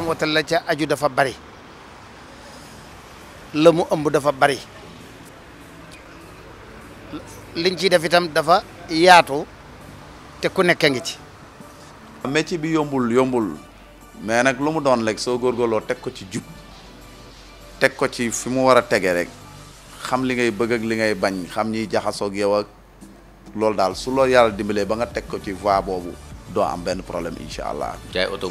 njaayam watal la ca aju dafa bari la mu ëmb dafa bari liñ ci def itam dafa yaatu te ku nekk ngi ci. métier bi yombul yombul mais nak lu mu doon rek soo góorgóorloo teg ko ci jub teg ko ci fi mu war a tege rek xam li ngay bëgg ak li ngay bañ xam jaxasoog yow ak loolu daal su loolu yàlla dimbalee ba nga teg ko ci voie boobu doo am benn problème incha allah. jaay oto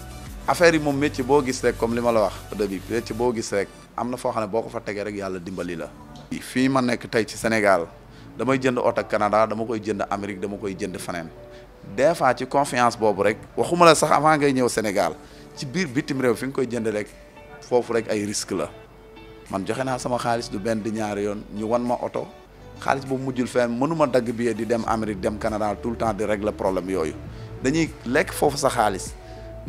affaire yi moom métier boo gis rek comme li ma la wax au début métier boo gis rek am na foo xam ne boo ko fa tegee rek yàlla dimbali la. fii ma nekk tey ci Sénégal damay jënd oto Canada dama koy jënd Amérique dama koy jënd faneen des fois ci confiance boobu rek waxuma la sax avant ngay ñëw Sénégal ci biir bitim réew fi nga koy jënd rek foofu rek ay risque la man joxe naa sama xaalis du benn di ñaari yoon ñu wan ma oto xaalis boobu mujjul fenn mënuma dagg billet di dem Amérique dem Canada tout le temps di régler problème yooyu dañuy lekk foofu sa xaalis.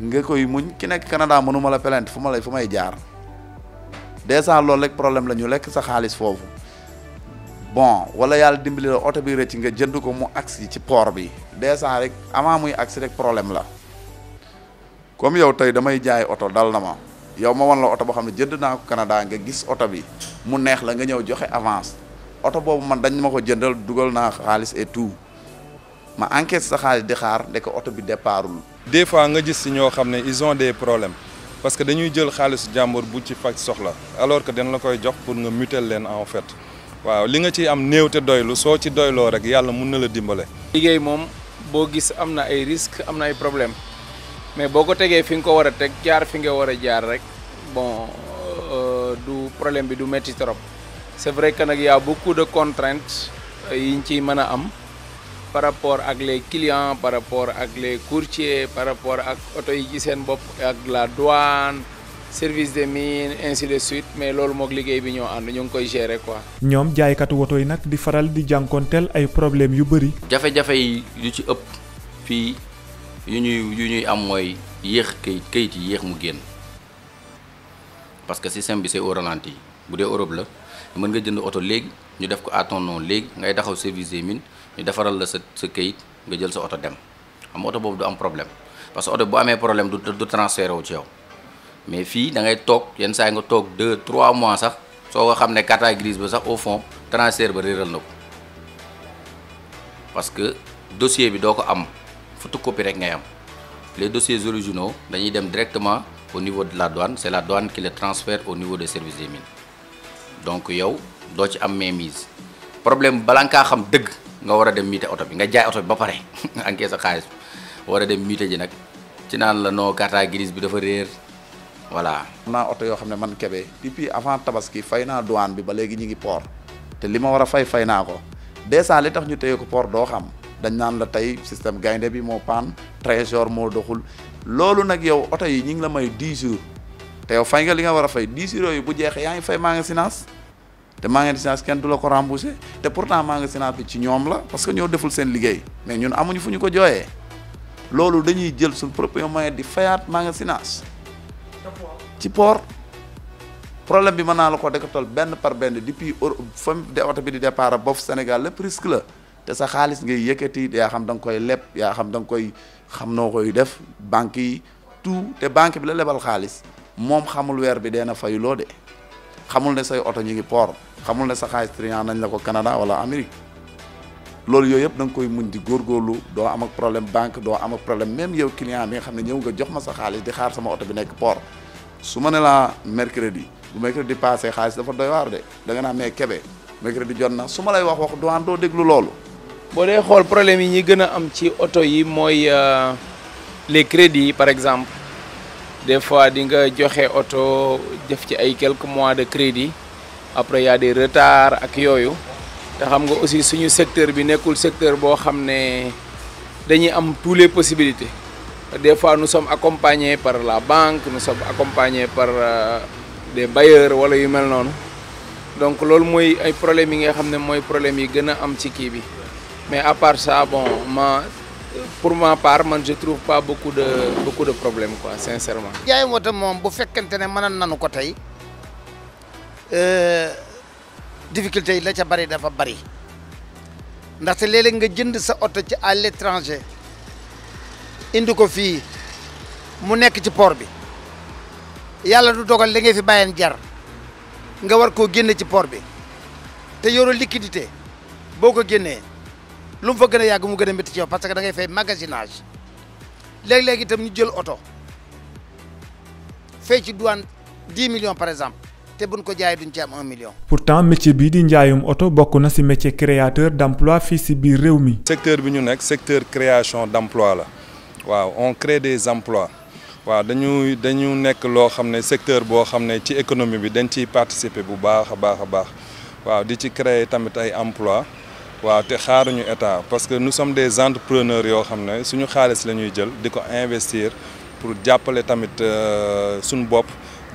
nga koy muñ ki nekk Canada mënuma la plainte fu ma lay fu may jaar dèjà loolu rek problème la ñu lekk sa xaalis foofu bon wala yàlla dimbali la oto bi rëcc nga jënd ko mu agsi ci poor bi dèjà rek avant muy agsi rek problème la comme yow tey damay jaay oto dal na ma yow ma wan la oto boo xam ne jënd naa ko Canada nga gis oto bi mu neex la nga ñëw joxe avance oto boobu man dañ ma ko jëndal dugal naa xaalis et ma enquête sa xaalis di xaar oto bi départul des fois nga gis si ñoo xam ils ont des problèmes parce que dañuy jël xaalisu jàmbur bu ci faj soxla alors que dañ la koy jox pour nga mutel leen en fait waaw li nga ciy am néew te doylu soo ci doyloo rek yàlla mun na la dimbale. liggéey moom boo gis am na ay risques am na ay problèmes mais boo ko tegee fi nga ko war a teg jaar fi nga war a jaar rek bon euh, du problème bi du métti trop c'est vrai que nag y a beaucoup de contraintes euh, yiñ ciy mën am. par rapport ak les clients par rapport ak les courtiers par rapport ak auto yi ci sen bop ak la douane service des mines ainsi de suite mais loolu mok liguey bi ñoo and ñu ngi koy gérer quoi. jaay jaaykatu woto yi nak di faral di jankontel ay problème yu bari jafé jafé yi yu ci ëpp fi yu ñuy yu ñuy am moy yéex kayit kayit yi yéex mu genn parce que système bi c'est au ralenti bu Europe la mën nga jënd auto légui ñu def ko à ton nom légui ngay taxaw service des mines ñu defaral la sa sa keuyit nga jël sa auto dem xam auto bobu du am problème parce que auto bu amé problème du du transféré wu ci yow mais fi da ngay tok yeen saa nga tok 2 3 mois sax so nga xamné carte grise ba sax au fond transfert ba réeral nako parce que dossier bi doko am am copie rek ngay am les dossiers originaux dañuy dem directement au niveau de la douane c'est la douane qui les transfère au niveau des services des mines donc yow do ci am mainmise problème balanka xam deug nga war a dem miite oto bi nga jaay oto bi ba pare encaissé sa xaalis war a dem miite ji nag ci naan la noo carte grise bi dafa réer voilà. naa oto yoo xam ne man kebe depuis avant tabaski fay naa douane bi ba léegi ñu ngi port te li ma war a fay fay naa ko dèjà li tax ñu teye ko port doo xam dañ naan la tey système gaynde bi moo paan trésor moo doxul loolu nag yow oto yi ñu ngi la may 10 jours te yow fay nga li nga war a fay 10 jours yooyu bu jeexe yaa ngi fay maa ngi finance te maa ngi si kenn du ko remboursé te pourtant ma ngi sénat bi ci ñom la parce que ñoo deful sen liggéey mais ñun amuñu fuñu ko joyé lolu dañuy jël sun propre moyen di fayat ma ngi sénat ci port problème bi mën ko dekk tol ben par ben depuis de auto bi di départ bof Sénégal le risque la te sa xaliss ngay yëkkati ya xam dang koy leb ya xam dang koy xam no koy def banki yi tout te banque bi la lebal xaliss mom xamul weer bi dee fay lo de xamul ne say auto ñi ngi port xamul ne sa xaalis triant nañ la ko Canada wala Amérique loolu yooyu yëpp da nga koy muñ di góorgóorlu doo am ak problème banque doo am ak problème même yow client bi nga xam ne ñëw nga jox ma sa xaalis di xaar sama oto bi nekk poor su ma ne laa mercredi bu mercredi passé xaalis dafa doy waar de da nga naa mais kebe mercredi jot na su ma lay wax wax douane doo déglu loolu. boo dee xool problème yi ñi gën a am ci oto yi mooy euh, les yi par exemple des fois di nga joxe oto def ci ay quelques mois de crédit. après y a des retards ak yooyu te xam nga aussi suñu secteur bi nekkul secteur boo xam ne dañuy am tous les possibilités des fois nous sommes accompagnés par la banque nous sommes accompagnés par euh, des bailleurs wala yu mel noonu donc loolu mooy ay problèmes yi nga xam ne mooy problème yi gën a am ci kii bi mais à part bon ma pour ma part man je trouve pas beaucoup de beaucoup de problèmes quoi sincèrement. jaay woote moom bu fekkente ne mënoon nanu ko tey. Euh, difficulté yi la ca bari dafa bari ndaxte léeg-léeg nga jënd sa oto ci à l'étranger indi ko fii mu nekk ci port bi yàlla du dogal li ngay fi bàyyeen jar nga war koo génne ci poor bi te yoroo liquidité boo ko génnee lu mu fa gën a yàgg mu gën a métti ci parce que da ngay fay magasinage léeg-léeg itam ñu jël oto fay ci douane dix million par exemple te buñ ko jaay duñ ci am un million. pourtant métier bii di njaayum oto bokk na ci métier créateur d'emploi fii ci biir réew secteur bi ñu nekk secteur création d'emploi la waaw on crée des emplois waaw dañu dañu nekk loo xam secteur boo xam ci économie bi dañ ciy participer bu baax a baax a baax waaw di ci créer tamit ay emplois waaw te xaaruñu état parce que nous sommes des entrepreneurs yoo xam ne suñu xaalis la ñuy jël di investir pour jàppale tamit euh, suñu bopp.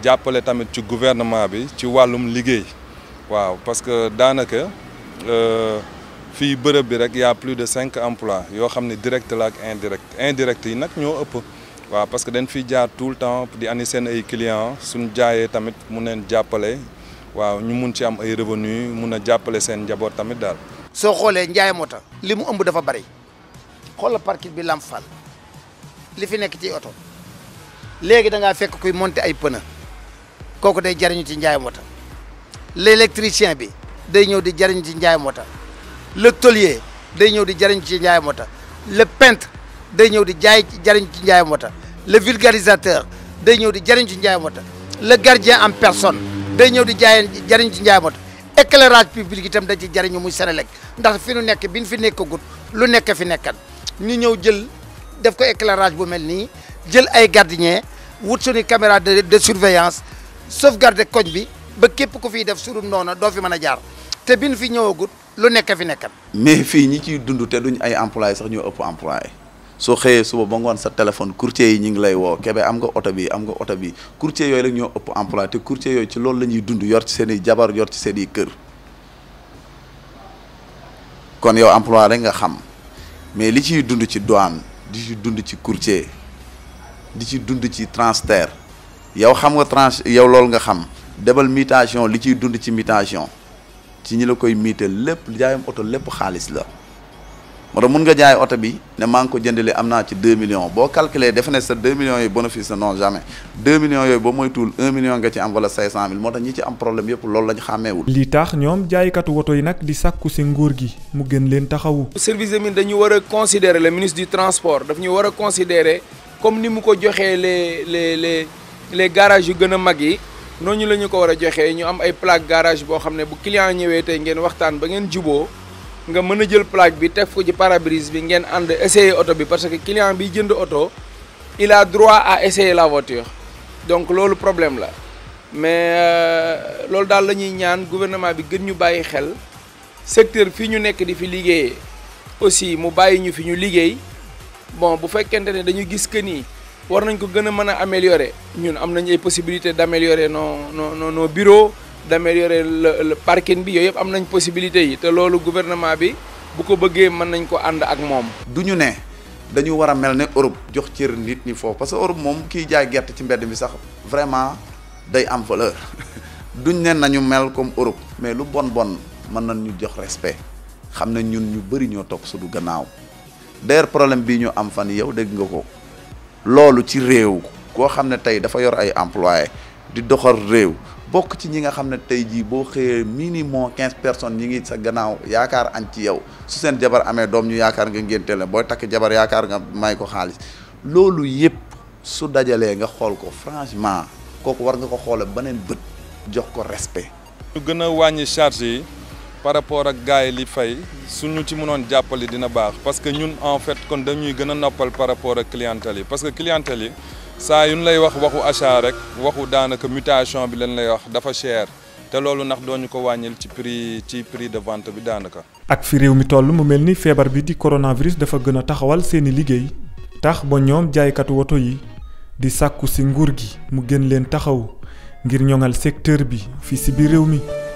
jàppale tamit ci gouvernement bi ci wàllum liggéey waaw parce que daanaka euh, fii bërëb bi rek y' a plus de cinq emplois yoo xam ne direct la ak indirect indirect yi nag ñoo ëpp waaw parce que dañ fiy jaar tout temps di andi seen ay clients suñ jaayee tamit mun leen jàppale waaw ñu mun ci am ay revenu mun a jàppale seen tamit dal so xoolee njaay moo limu li mu ëmb dafa bari xoolal parking bi Lamp Fall li fi nekk ci oto léegi da ngaa fekk kuy monter ay pneu. kooku day jariñu ci njaayam wata l'électricien bi day ñëw di jariñu ci njaayam wata le tôlier day ñëw di jariñu ci njaayam wata le peintre day ñëw di jaay jariñu ci njaayam wata le vulgarisateur day ñëw di jariñu ci njaayam wata le gardien en personne day ñëw di jaay jariñu ci njaayam wata éclairage public itam da ci jariñu muy Senelec ndax fi nu nekk bi ñu fi nekkagut lu nekk fi nekkan ñu ñëw jël def ko éclairage bu mel nii jël ay gardien wut suñu caméra de de surveillance sauvegarder koñ bi ba képp ku fiy def surum noona doo fi mën a jaar te bin fi ñëwagut lu nekk fi nekkan mais fii ñi ciy dund te duñ ay employé sax ñoo ëpp employé soo xëyee suba ba ngoon sa téléphone courtier yi ñu ngi lay woo kebe am nga oto bi am nga oto bi courtier yooyu la ñoo ëpp emploi te courtier yooyu loolu la dund yor ci seeni i jabar yor ci seen i kër kon yow emploi rek nga xam mais li ciy dund ci douane di ci dund ci courtier di ci dund ci transfert yow xam nga trans yow lol nga xam débal mutation li ci dund ci mutation ci ñi la koy miital lépp jaayam auto lepp xaalis la moo tax mun nga jaay auto bi ne maa ko jëndelé amna ci 2 millions bo calculer defe ne sa 2 millions yi bénéfice non jamais 2 millions yoy bo moy tuul 1 million nga ci am wala 500000 moo tax ñi ci am problème yépp loolu lañ xamé wul li tax ñom jaay jaaykatu auto yi nak di sakku ci nguur gi mu gën leen taxawu. service des mines dañu wara considérer le ministre du transport daf ñu war considérer comme ni mu ko joxé les les les. les garages yu gëna mag yi noñu lañu ko wara joxé ñu am ay plaque garage bo xamné bu client ñëwé tey ngeen waxtaan ba ngeen jubo nga mëna jël plaque bi teg ko ci parabrise bi ngeen and essayer auto bi parce que client bi jënd auto il a droit à essayer la voiture donc lolu problème la mais euh, lolu dal lañuy ñaan gouvernement bi gën ñu bayyi xel secteur fi ñu nekk di fi liggéey aussi mu bayyi ñu fi ñu liggéey bon bu fekkente ne dañu gis que ni war nañ ko gën a mën a améliorer ñun am nañ ay possibilité d' améliorer noo nos nos bureaux d' améliorer le parking bi yooyu yëpp am nañ possibilité yi te loolu gouvernement bi bu ko bëggee mën nañ ko ànd ak moom. du ñu ne dañu war a mel ne Europe jox cër nit ñi foofu parce que Europe moom kiy jaay gerte ci mbedd mi sax vraiment day am valeur duñ ne nañu mel comme Europe mais lu bon bon mën nañ ñu jox respect xam ne ñun ñu bëri ñoo topp suñu gannaaw d'ailleurs problème bii ñu am yow dégg nga ko. lolu ci rew ko xamne tay dafa yor ay employé di doxal rew bok ci ñi nga xamne tay ji minimum 15 personnes ñi ngi sa gannaaw yaakar an ci yow su sen jabar amé dom ñu yaakar nga ngentel tak jabar yaakar nga may ko lolu su nga franchement respect. ñu par rapport ak gars yi li fay ñu ci mënoon jàppale dina baax parce que ñun en fait kon dañuy gën a noppal par rapport ak clientèle yi parce que clientèle yi saa yu ñu lay wax waxu achat rek waxu daanaka mutation bi lañ lay wax dafa cher te loolu ndax ñu ko wàññil ci prix ci prix de vente bi daanaka. ak fi réew mi toll mu mel ni feebar bi di coronavirus dafa gën a taxawal seeni liggéey tax ba ñoom jaaykatu woto yi di sàkku si nguur gi mu gën leen taxaw ngir ñoŋal secteur bi fii si biir réew mi.